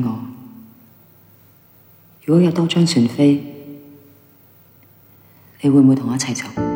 我，如果有多一張船票，你會唔會同我一齊走？